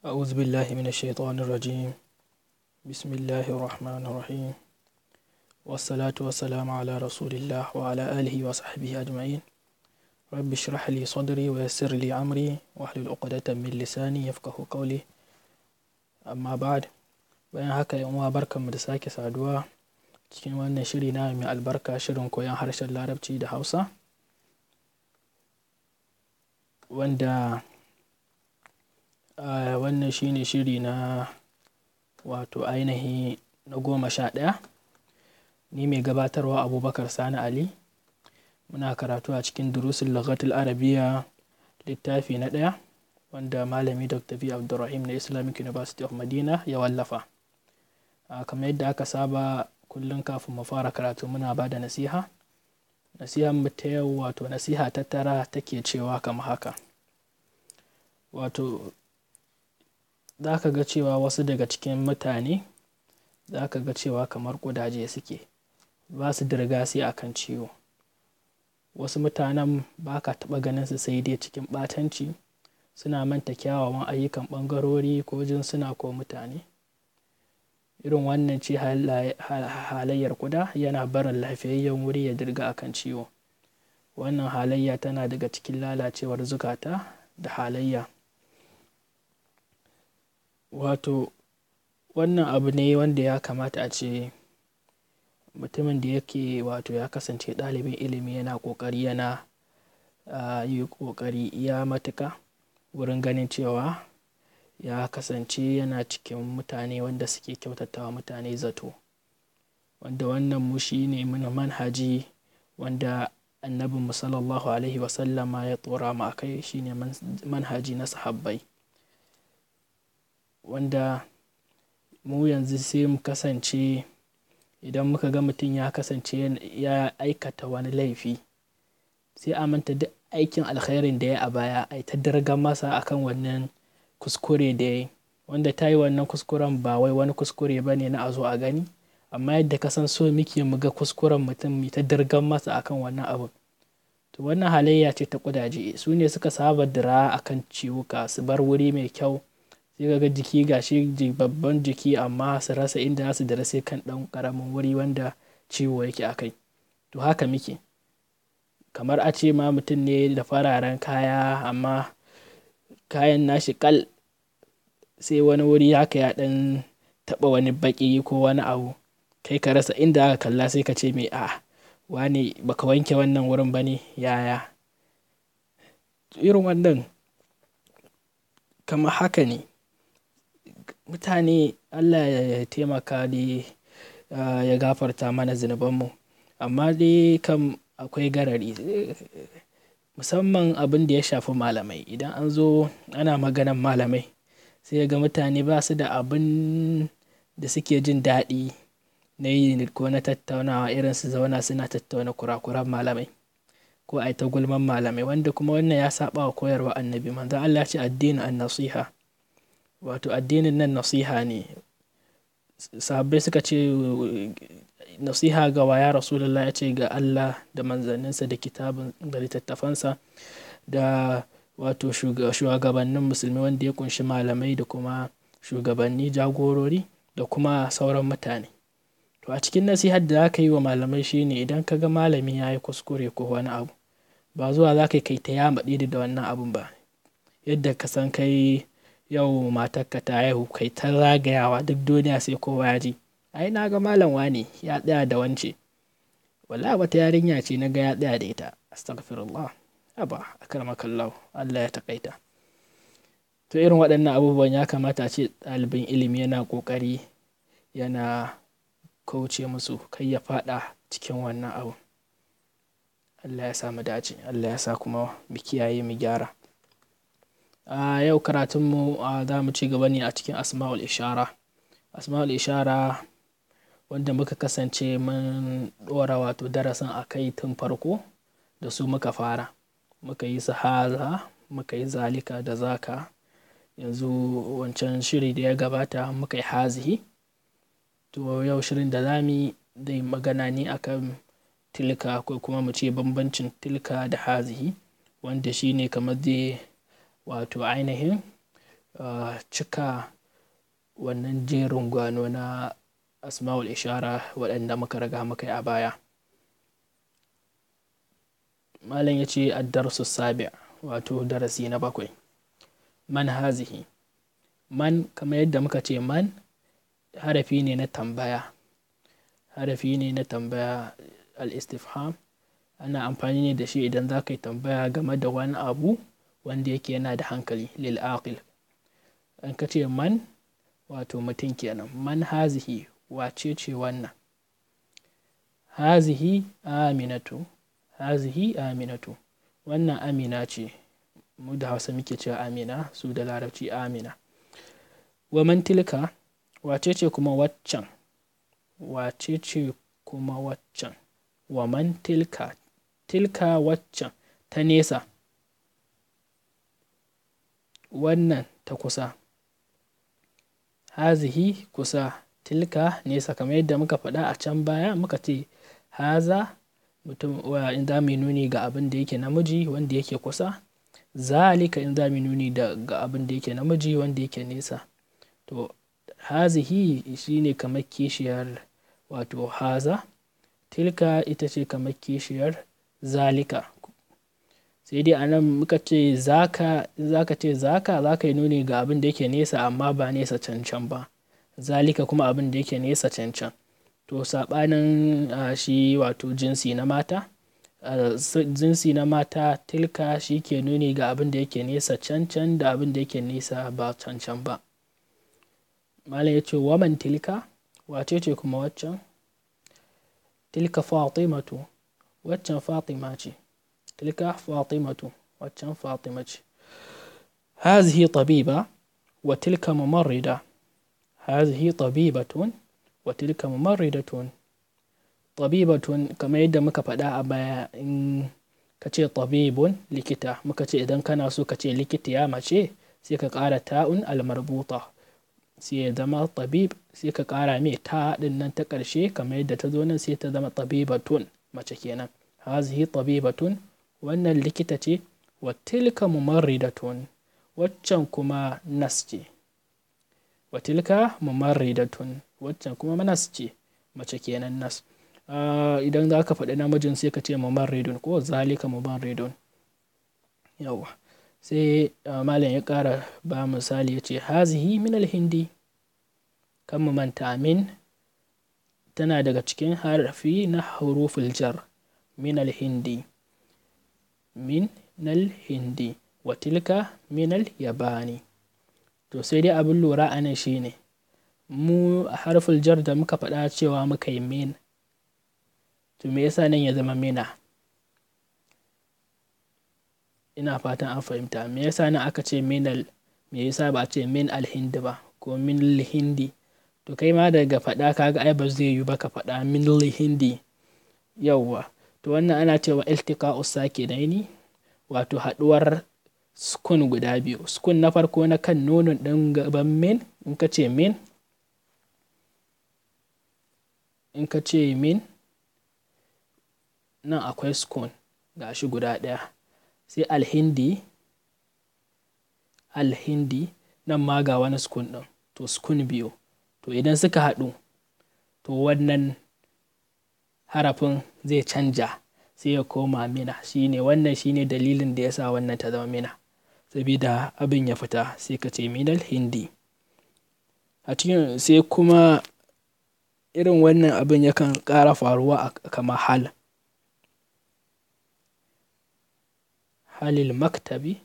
أعوذ بالله من الشيطان الرجيم بسم الله الرحمن الرحيم والصلاة والسلام على رسول الله وعلى آله وصحبه أجمعين رب اشرح لي صدري ويسر لي أمري واحلل عقدة من لساني يفقه قولي أما بعد bayan هكا yan بركة barkanmu سعدوا sake saduwa cikin wannan shiri na mai albarka shirin koyon harshen larabci da hausa wanda wannan shine shiri na wato ainihi na goma sha ɗaya ni mai gabatarwa abubakar sani ali muna karatu a cikin durusin lughatul arabiya littafi na ɗaya wanda malami dr b abdulrahim na islamic university of madina ya wallafa kamar yadda aka saba kullum kafin mu fara karatu muna ba da nasiha nasiha mu ta yau wato nasiha ta tara take cewa kamar haka wato za ka ga cewa wasu daga cikin mutane za ka ga cewa kamar ƙudaje suke ba su da a kan ciwo wasu mutanen ba ka taɓa ganin su sai dai cikin ɓatanci suna manta kyawawan ayyukan ɓangarori ko jinsuna ko mutane irin wannan ce halayyar kuda yana barin lafiyayyen wuri ya dirga a kan ciwo wannan halayya tana daga cikin lalacewar zukata da halayya Wato wannan abu ne wanda ya kamata a ce mutumin da yake wato ya kasance ɗalibin ilimi yana ƙoƙari yana yi ƙoƙari iya matuƙa wurin ganin cewa ya kasance yana cikin mutane wanda suke kyautatawa mutane zato wanda wannan mu shi ne manhaji wanda annabinmu sallallahu alaihi wasallama ya tsora mu a kai shine manhaji na sahabbai wanda mu yanzu sai mu kasance idan muka ga mutum ya kasance ya aikata wani laifi sai a manta duk aikin alkhairin da ya a baya ai ta dargan masa akan wannan kuskure da ya yi wanda ta yi wannan kuskuren ba wai wani kuskure ba ne na a zo a gani amma yadda ka san so muke mu ga kuskuren mutum mai ta masa akan wannan abu to wannan halayya ce ta kudaje su ne suka saba dira akan ciwuka su bar wuri mai kyau sai ka ga jiki gashi babban jiki amma su rasa inda za su dira sai kan ɗan karamin wuri wanda ciwo yake a kai to haka muke kamar a ce ma mutum ne da fararen kaya amma kayan nashi kal sai wani wuri haka ya ɗan taba wani baki ko wani abu kai ka rasa inda aka kalla sai ka ce mai a wani baka wanke wannan wurin ba ne yaya irin wannan kama haka ne mutane Allah ya taimaka dai ah, ya gafarta mana zunubanmu. Amma dai kam akwai garari musamman abin da ya shafi malamai. Idan an zo ana maganan malamai sai ka ga mutane ba su da abin da suke jin daɗi na yi ko na tattaunawa irin su zauna suna tattauna kurakuran malamai ko ai ta gulman malamai wanda kuma wannan ya saɓa wa koyarwa annabi. manzo Allah ya ce addini an nasiha. wato addinin nan nasiha ne sahabbai suka ce nasiha ga waya rasulullah ya ce ga Allah da manzanninsa da kitabin da littattafansa da wato shugabannin musulmi wanda ya kunshi malamai da kuma shugabanni jagorori da kuma sauran mutane to a cikin nasihar da aka yi wa malamai shine idan ka ga malami ya yi kuskure ko wani abu ba zuwa za ka kai ta yamaɗe da wannan abun ba yadda ka san kai yau matarka ta haihu kai ta zagayawa duk duniya sai kowa ya ji ai na ga malam wane ya tsaya da wance wallahi wata yarinya ce na ga ya tsaya da ita astaghfirullah aba akramakallahu Allah ya takaita to irin waɗannan abubuwan ya kamata ce ɗalibin ilimi yana kokari yana kauce musu kai ya faɗa cikin wannan abu Allah ya sa mu dace Allah ya sa kuma mu kiyaye mu gyara A yau karatunmu za mu ci gaba ne a cikin Asma'ul Ishara. Asma'ul Ishara wanda muka kasance mun ɗora wato darasin a kai tun farko da su muka fara. Muka yi su haza, muka yi zalika da zaka. Yanzu wancan shiri da ya gabata muka yi hazihi. To yau shirin da za mu magana ne akan tilka ko kuma mu ce bambancin tilka da hazihi wanda shine kamar zai wato ainihin uh, cika wannan jerin gwano na asma'ul ishara waɗanda muka raga muka yi a baya malam ya ce addarsu sabi wato darasi na bakwai man hazihi man kamar yadda muka ce man harafi ne na tambaya harafi ne na tambaya al-istifham ana amfani ne da shi idan za ka yi tambaya game da wani abu wanda yake yana da hankali lil aqil an ka ce man wato mutum kenan man hazihi wace ce wannan hazihi aminatu hazihi aminatu wannan amina ce mu da hausa muke cewa amina su da larabci amina wa man tilka wace ce kuma waccan wace ce kuma waccan wa man tilka tilka waccan ta nesa wannan ta kusa hazihi kusa tilka nesa kamar yadda muka faɗa a can baya muka ce haza mutum in za mu nuni ga abin da yake namiji wanda yake kusa zalika in za mu nuni ga abin da yake namiji wanda yake nesa to hazihi shine kamar kishiyar wato haza tilka ita ce kamar kishiyar zalika sai dai anan nan muka ce zaka zaka ce zaka zaka yi nuni ga abin da yake nesa amma ba nesa cancan ba zalika kuma abin da yake nesa cancan to sabanin shi wato jinsi na mata jinsi na mata tilka shi ke nuni ga abin da yake nesa cancan da abin da yake nesa ba cancan ba malam ya ce waman tilka wace ce kuma waccan tilka fatimatu waccan fatima ce تلك فاطمة وتشان فاطمة هذه طبيبة وتلك ممرضة هذه طبيبة وتلك ممرضة طبيبة كما يدى مكا فدا أبا كتي طبيب لكتا مكا تي إذن كان أسو كتي لكتا يا ماشي سيكا قارة تاء المربوطة سي دما طبيب سيكا قارة مي تاء لنن تكرشي كما يدى تدون سي تدما طبيبة ماشي هذه طبيبة wannan likita ce wa tilka mumarridatun waccan kuma nas ce wa tilka mumarridatun waccan kuma nas ce mace kenan nas ah, idan za ka faɗi namijin sai ka ce mumarridun ko zalika mumarridun yawa sai ah, malam ya ƙara ba misali ya ce hazihi min alhindi kan mu manta min tana daga cikin harafi na harufin jar min alhindi min nal hindi wa tilka minal yabani to sai dai abin lura a nan shine mu a harful jar da muka faɗa cewa muka yi min to me yasa nan ya zama mina ina fatan an fahimta me yasa nan aka ce minal me yasa ba a ce min al-hindi ba ko min al hindi to kai ma daga faɗa kaga ai ba zai yi ba ka faɗa min al hindi yawwa to wannan ana cewa iltika usakinaini wato haɗuwar sukun guda biyu sukun na farko na kan nonon ɗin gaban min in ka ce min in ka ce min nan akwai sukun ga shi guda ɗaya sai alhindi alhindi nan ma ga wani sukun ɗin to sukun biyu to idan suka haɗu to wannan harafin zai canja sai ya koma mina shine wannan shine dalilin da ya sa wannan ta zama mina saboda abin ya fita sai ka ce minal hindi a cikin sai kuma irin wannan abin yakan kara faruwa a kama hal halil maktabi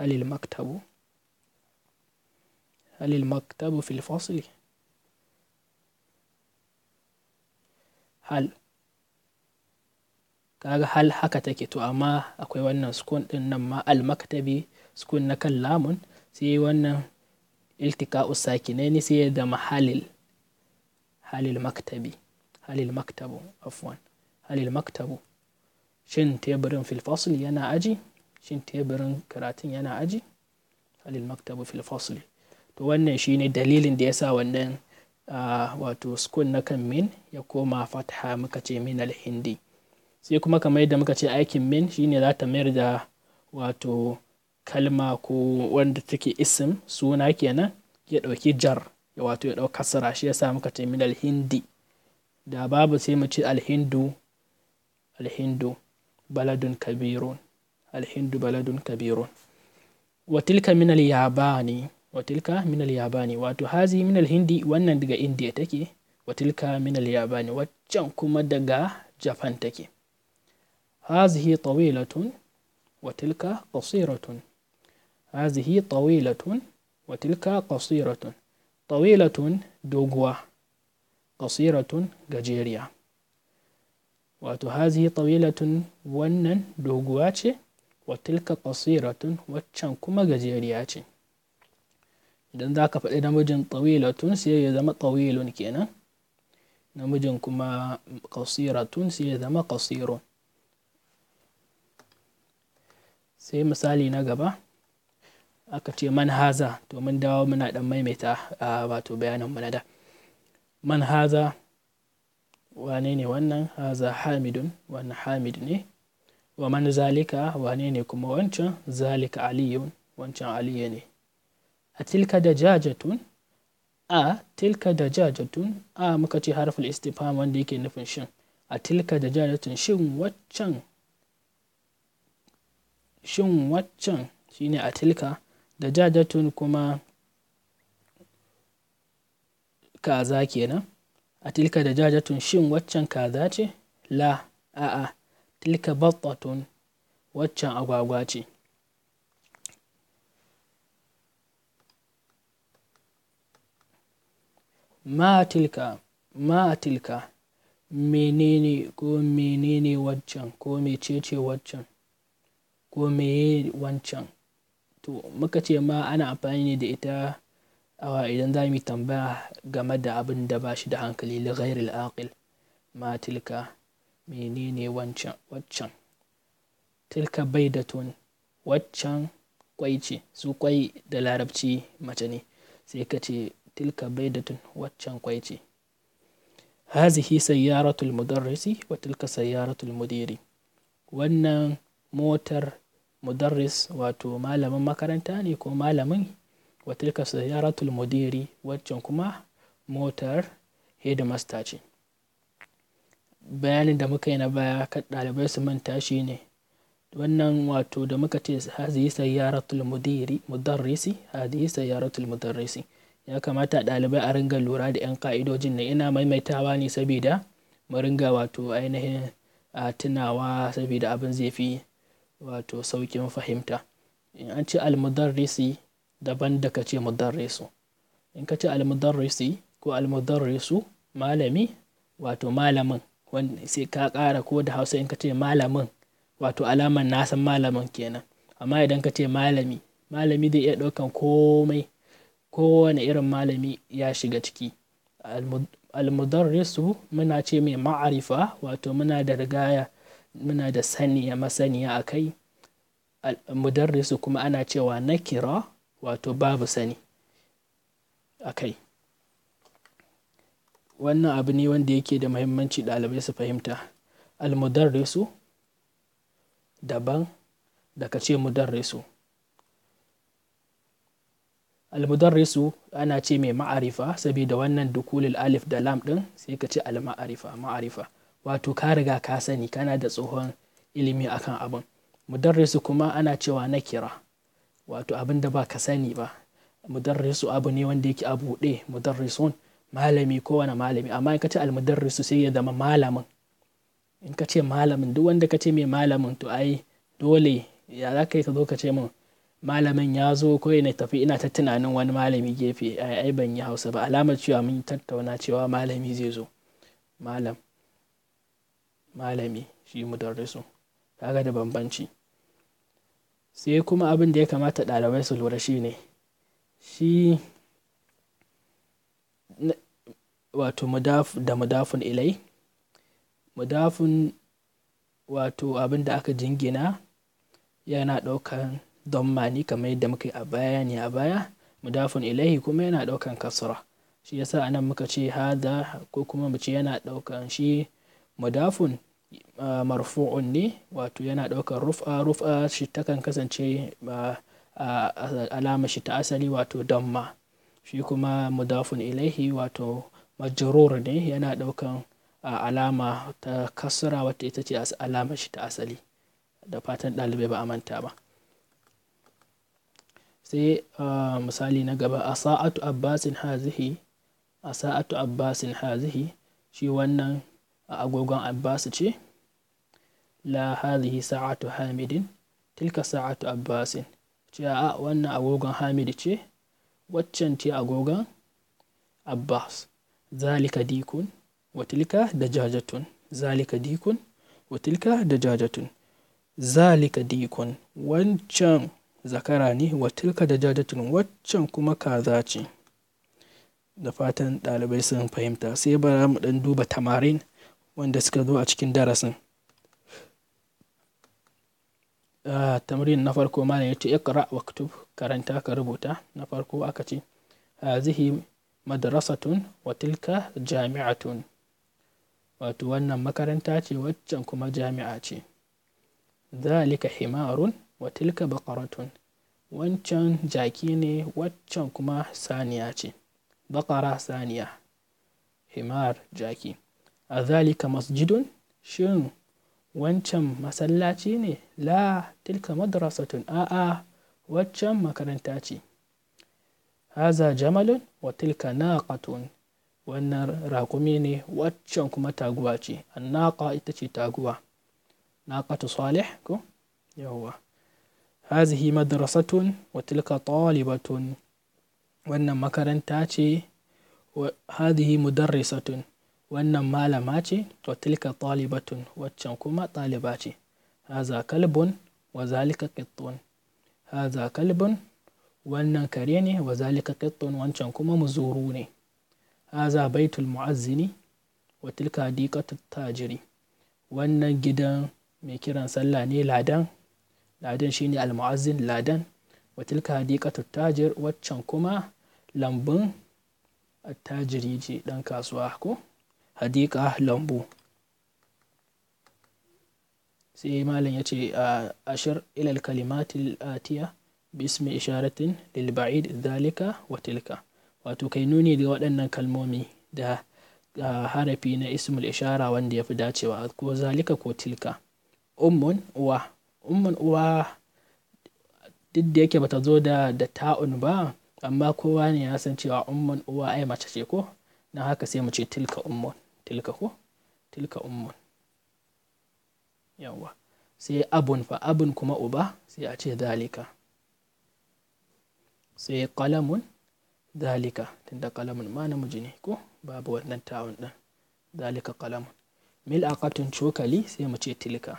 halil maktabu halil maktabu fil hal kaga hal haka take to amma akwai wannan sukun din nan ma maktabi sukun na kan lamun sai wannan iltika ne ni sai da mahalil halil maktabi halil maktabu afwan halil maktabu shin teburin fasl yana aji shin teburin karatun yana aji halil maktabu fasl to wannan shine dalilin da yasa wannan wato sukun na kan min ya koma fataha muka ce min alhindi sai kuma kamar yadda muka ce aikin min shine za ta mayar da wato kalma ko wanda take isim suna kenan ya ɗauki jar ya wato ya ɗau kasara shi yasa muka ce min alhindi da babu sai mu ce alhindu alhindu baladun kabirun alhindu baladun kabirun wa tilka min al-yabani وتلك من الياباني واتو هذه من الهندي وانا دغا انديا تكي وتلك من الياباني واتشان كما دغا جابان تكي هذه طويلة وتلك قصيرة هذه طويلة وتلك قصيرة طويلة دوغوا قصيرة جاجيريا واتو هذه طويلة ونن دوغواتي وتلك قصيرة واتشان كما جاجيرياتي idan za ka faɗi namijin tawilatun sai ya zama tawilun kenan namijin kuma qasiratun sai ya zama qasirun sai misali na gaba aka ce manhaza to mun dawo muna ɗan maimaita wato bayanin mu na da haza wane ne wannan haza hamidun wannan hamid ne wa man zalika wane ne kuma wancan zalika aliyun wancan aliyu ne a tilka da jajatun a tilka da jajatun a muka ce harful istifa wanda yake nufin shin a tilka da jajatun shin waccan shin waccan shine a tilka da jajatun kuma kaza kenan a tilka da jajatun shin waccan kaza ce la a'a tilka battatun waccan agwagwa ce ma tilka menene ko menene waccan ko mecece waccan ko meye wancan to muka ce ma ana amfani ne da ita awa idan za mu tambaya game da abin da ba shi da hankali li ghairil aqil ma tilka menene wancan waccan tilka tun waccan kwai ce su kwai da larabci mace ne sai ka ce tilka baidatun waccan kwai ce hazihi sayyaratul mudarrisi wa tilka sayyaratul mudiri wannan motar mudarris wato malamin makaranta ne ko malamin wa tilka sayyaratul mudiri waccan kuma motar hedimasta ce bayanin da muka yi na baya kan ɗalibai su manta shi ne wannan wato da muka ce hadhihi sayyaratul mudiri mudarrisi hadhihi sayyaratul mudarrisi ya kamata ɗalibai a ringa lura da 'yan ƙa'idojin nan ina maimaitawa ne saboda mu ringa wato ainihin a tunawa saboda abin zai fi wato saukin fahimta in an ce almudarrisi daban da ka ce mudarrisu in ka ce almudarrisi ko almudarrisu malami wato malamin sai ka ƙara ko da hausa in ka ce malamin wato alamar nasan malamin kenan amma idan ka ce malami malami zai iya ɗaukan komai kowane irin malami ya shiga ciki almudarrisu muna ce mai ma'arifa wato muna da rigaya muna da saniya masaniya a kai mudarrisu kuma ana cewa nakira wato babu sani a kai wannan abu ne wanda yake da muhimmanci ɗalibai su fahimta almudarrisu daban daga ce mudarrisu almudarrisu ana ce mai ma'arifa saboda wannan dukulul alif da lam din sai ka ce alma'arifa ma'arifa wato ka riga ka sani kana da tsohon ilimi akan abin mudarrisu kuma ana cewa na kira wato abin da ba ka sani ba mudarrisu abu ne wanda yake a buɗe mudarrisun malami ko wani malami amma in ka ce almudarrisu sai ya zama malamin in ka ce malamin duk wanda ka ce mai malamin to ai dole ya za ka yi ka zo ka ce min malamin ya zo ko na tafi ina ta tunanin wani malami gefe ai ban yi hausa ba alamar cewa mun tattauna cewa malami zai zo malam malami shi mudarrisu kaga da bambanci sai kuma abin da ya kamata ɗalibai su lura shi ne shi wato da mudafun ilai mudafun wato abin da aka jingina yana ɗaukan Don mani kamar yadda muka yi a baya ne a baya mudafun ilahi kuma yana ɗaukan kasra shi yasa anan muka ce hada ko kuma mu ce yana daukan shi mudafun marfu'un ne wato yana ɗaukan rufa rufa shi takan kasance alama shi ta asali wato damma shi kuma mudafun ilahi wato majrur ne yana ɗaukan alama ta kasra wata ita ce alama shi ta asali da fatan ɗalibai ba a manta ba sai ah, misali na gaba a sa'atu abbasin hazihi a sa'atu abbasin hazihi shi wannan agogon abbasu ce la hazihi sa'atu hamidin tilka sa'atu abbasin ce a wannan agogon hamidi ce waccan ce agogon abbas zalika dikun wa da jajatun zalika dikun wa da jajatun zalika dikun wancan zakara ne wa tilka da jadatun waccan kuma kaza ce da fatan ɗalibai sun fahimta sai bara mu ɗan duba tamarin wanda suka zo a cikin darasin Tamarin na farko malam yace iqra waktub karanta ka rubuta na farko aka ce hazihi madrasatun wa tilka jami'atun wato wannan makaranta ce waccan kuma jami'a ce zalika himarun wa tilka baqaratun wancan jaki ne waccan kuma saniya ce baqara saniya himar jaki a zalika masjidun shin wancan masallaci ne la tilka madrasatun a'a waccan makaranta ce haza jamalun wa tilka naqatun wannan raƙumi ne waccan kuma taguwa ce Naƙa ita ce taguwa naqatu salih ko yawwa هذه مدرسة وتلك طالبة وأن مكرن تاتي وهذه مدرسة وأن مالم وتلك طالبة وتشنكما طالباتي هذا كلب وذلك قط هذا كلب وأن كريني وذلك قط وانشنكما مزوروني هذا بيت المعزني وتلك ديكة التاجري وأن جدا ميكيران سلاني العدن ladan shine almu'azzin ladan wa tilka tajir waccan kuma lambun attajiri ce dan kasuwa ko hadika lambu sai malam ya ce a ashir ilal kalimatil atiya bismi isharatin lil ba'id zalika wa tilka wato kai nuni da waɗannan kalmomi da harafi na ismul ishara wanda ya fi dacewa ko zalika ko tilka ummun uwa Umman uwa duk da yake bata zo da, da ta'un ba amma kowa ne ya san cewa umman uwa ai mace ce ko? na haka sai mu ce tilka ummun, tilka ko? Tilka ummun. yawa Sai abun fa abun kuma uba sai a ce zalika. Sai kalamun zalika tunda kalamun ma namiji ne ko? Babu wannan ta'un din Zalika kalamun Mil'aqatun cokali sai mu ce tilka.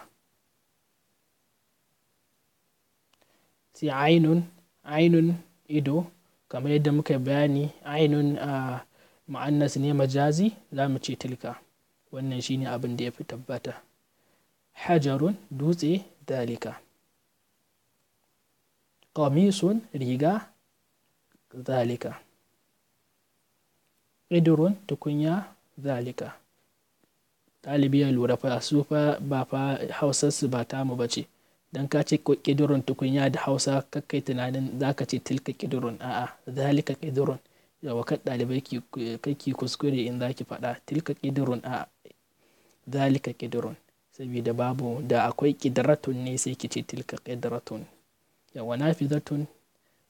sai ainun, ainun ido kamar yadda muka bayani ainun a ma'annas ne majazi za mu ce tilka wannan shine abin da ya fi tabbata hajarun dutse dalika kamisun riga zalika idurun tukunya zalika ɗalibi ya lura fa su fa ba fa hausarsu ba tamu ba ce dan ka ce ƙidurun tukunya da hausa kakai tunanin za ka ce tilka ƙidurun a'a zalika ƙidurun da kan ɗalibai kake kuskure in za ki faɗa tilka kidurun a'a zalika kidurun saboda babu da akwai kidaratun ne sai ki ce tilka ƙidratun yawa nafizatun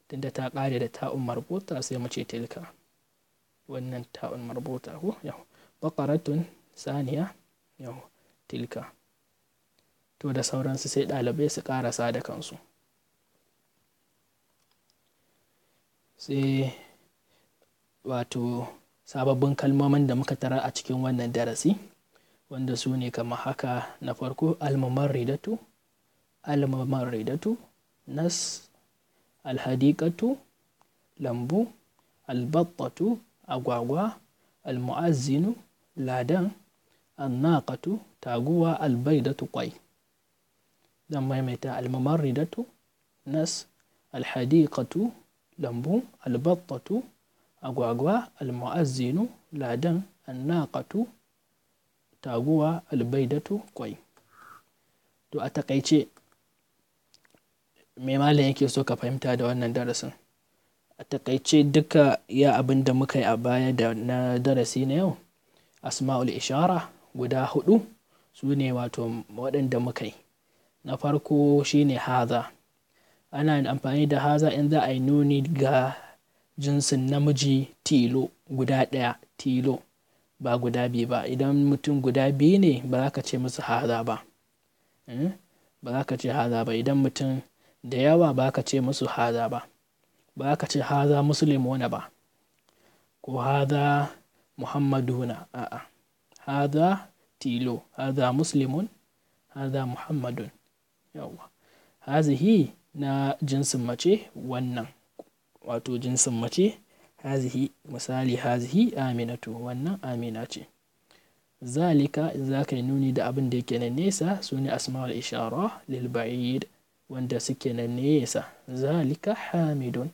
tunda ta ƙare da ta'un marbuta sai mu ce tilka wannan ta'un marbuta ko yawa baqaratun saniya yawa tilka to da sauransu sai ɗalibai su ƙarasa da kansu sai wato sababbin kalmomin da muka tara a cikin wannan darasi wanda su ne kamar haka na farko almamar ridatu almamar ridatu nas alhadiƙatu lambu albattatu agwagwa almu'azzinu ladan annakatu taguwa albaidatu ƙwai zan maimaita ridatu nas alhadiqatu lambu albattatu agwagwa almu'azzinu ladan annaqatu taguwa albaidatu kwai to a takaice me malam yake so ka fahimta da wannan darasin a takaice duka ya abin da muka yi a baya da na darasi na yau asma'ul ishara guda hudu su ne wato waɗanda muka yi Na farko shine haza. Ana amfani da haza in za a yi nuni ga jinsin namiji tilo guda ɗaya tilo ba guda biyu ba. Idan mutum guda biyu ne ba za ka ce musu haza ba. Hmm? Ba za ka ce haza ba. Idan mutum da yawa ba ka ce musu haza ba. Ba za ka ce haza wani ba ko haza Muhammaduna a'a. Haza tilo, haza Muslimun, haza Muhammadun. yawwa hazihi na jinsin mace wannan wato jinsin mace hazihi misali hazihi aminatu wannan amina ce zalika za ka yi nuni da abin da yake na nesa su ne asma'ul ishara lil wanda suke na nesa zalika hamidun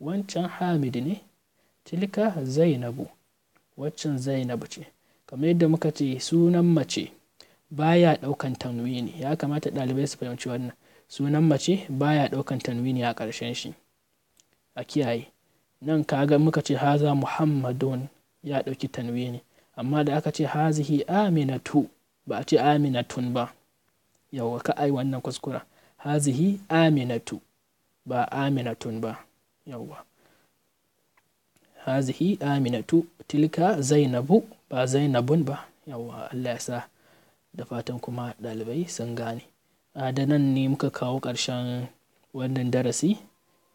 wancan hamid ne tilka zainabu waccan zainabu ce kamar yadda muka ce sunan mace baya daukan tanwini ya kamata dalibai su fahimci wannan sunan mace baya daukan tanwini a karshen shi a kiyaye nan kaga muka ce haza muhammadun ya dauki tanwini amma da aka ce hazihi aminatu ba a ce aminatun ba yawa ka ai wannan kuskura hazihi aminatu ba aminatun ba yawa hazihi aminatu tilka zainabu ba zainabun ba yawa Allah ya sa Da fatan kuma ɗalibai sun gane. A da nan ne muka kawo ƙarshen wannan darasi.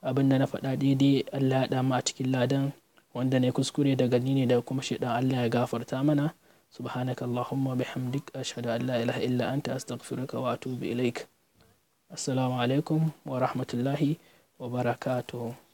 Abin da na faɗa daidai Allah ya da mu a cikin ladan wanda ne kuskure daga ni ne da kuma shaiɗan Allah ya gafarta mana. Subhanaka Allahumma bihamdik ashhadu an la ilaha illa anta astaghfiruka wa atubu ilaik. Assalamu alaikum wa rahmatullahi wa barakatuhu.